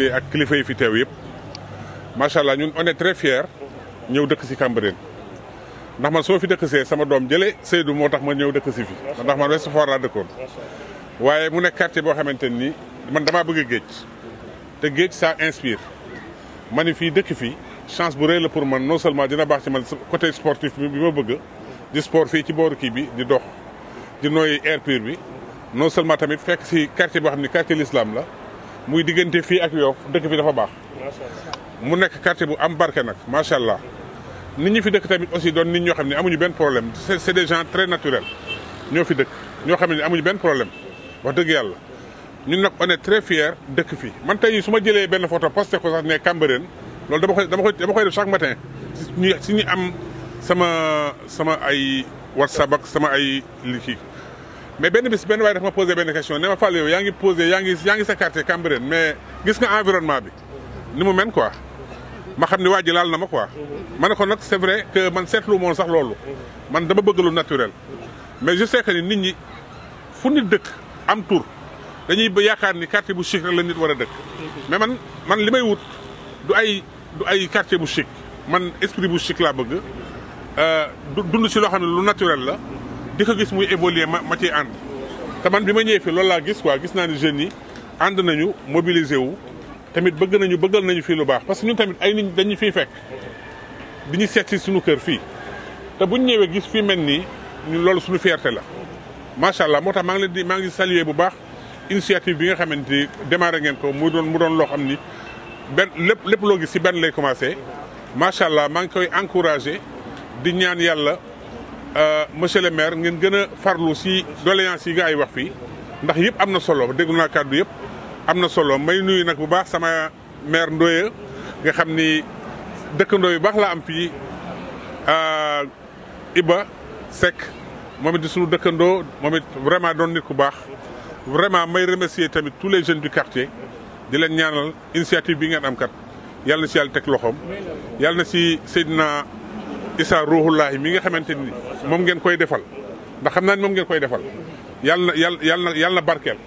autorité ak kilifa yi fi teew yëpp macha allah ñun on est très ñëw dëkk si Cambérène ndax man soo fi dëkk see sama doom jële Seydou moo tax ma ñëw dëkk si fi ndax man Ouest Foire laa dëkkoon waaye mu nekk quartier boo xamante ni man damaa bëgg géej te géej ça inspire ma ni fii dëkk fii chance bu rëy la pour man non seulement dina baax ci man côté sportif bi bi ma bëgg di sport fii ci booru bi di dox di nooy air bi non tamit fekk si quartier boo xam ne quartier l'islam la muy diggante fii ak Yoff dëkk bi dafa baax. mu nekk quartier bu am barke nag macha allah. nit ñi fi dëkk tamit aussi doon nit ñoo xam ne amuñu benn problème c'est des gens très fi dëkk ñoo xam ne amuñu benn problème wax dëgg yàlla ñun nag on est très fier dëkk fii man tey jii su ma jëlee benn photo posté ko sax ne Cambérène loolu dama koy dama koy dama koy def chaque matin si ñu am sama sama ay WhatsApp ak sama ay li mais benn bis benn waaye dafa ma posé benn question ne ma Fall yow yaa ngi posé yaa ngi sa quartier Cambérène mais gis nga environnement bi ni mu men quoi ma xam ni waa ji laal na ma ko ma ne ko nag c'est vrai que man seetlu moon sax loolu man dama bëgg lu naturel mais je sais que ni nit ñi fu nit dëkk am tur dañuy yaakaar ni quartier bu chic rek la nit war a dëkk mais man man li may wut du ay ay quartier bu chic man esprit bu chic laa bëgg euh, dund si loo xam lu naturel la di gis muy évoluer ma ma ciy ànd te man bi ma ñëwee fi loolu laa gis quoi gis naa ni jeunes yi ànd nañu mobiliser wu tamit bëgg nañu bëggal nañu fii lu baax parce que ñun tamit ay nit dañu fiy fekk di ñu seet si suñu kër fii te buñ ñëwee gis fi mel nii ñun loolu suñu fierté la macha allah moo tax maa ngi leen di maa ngi saluer bu baax initiative bi nga xamante ni démarré ngeen ko mu doon mu doon loo xam ni benn lépp lépp loo gis si benn lay commencé macha allah maa ngi koy encouragé di ñaan yàlla Euh, monsieur le maire ngeen gën a farlu si doléance yi nga ay wax fii ndax yëpp am na solo déglu naa kàddu yëpp am na solo may nuyu nag bu baax sama maire Ndoye nga xam ni dëkkandoo yu baax laa am fii euh, Iba Seck moom it di suñu dëkkandoo moom it vraiment doon nit ku baax vraiment may remercier tamit tous les jeunes du quartier di leen ñaanal initiative bi ngeen am kat yàlla na si yàlla teg loxoom yàlla na si Seydina Issa Ruuhullaahi mi nga xamante ni moom ngeen koy defal ndax xam naa ni moom ngeen koy defal yàlla na yàlla na yàlla na barkeel.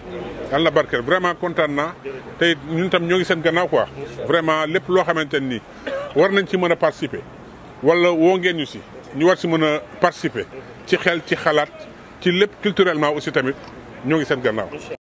yàlla na barkeel vraiment kontaan naa tey ñun tam ñoo ngi seen gannaaw quoi vraiment lépp loo xamante ni war nañ ci mën a participer wala woo ngeen ñu si ñu war si mën a participer ci xel ci xalaat ci lép culturellement aussi tamit ñoo ngi seen gannaaw.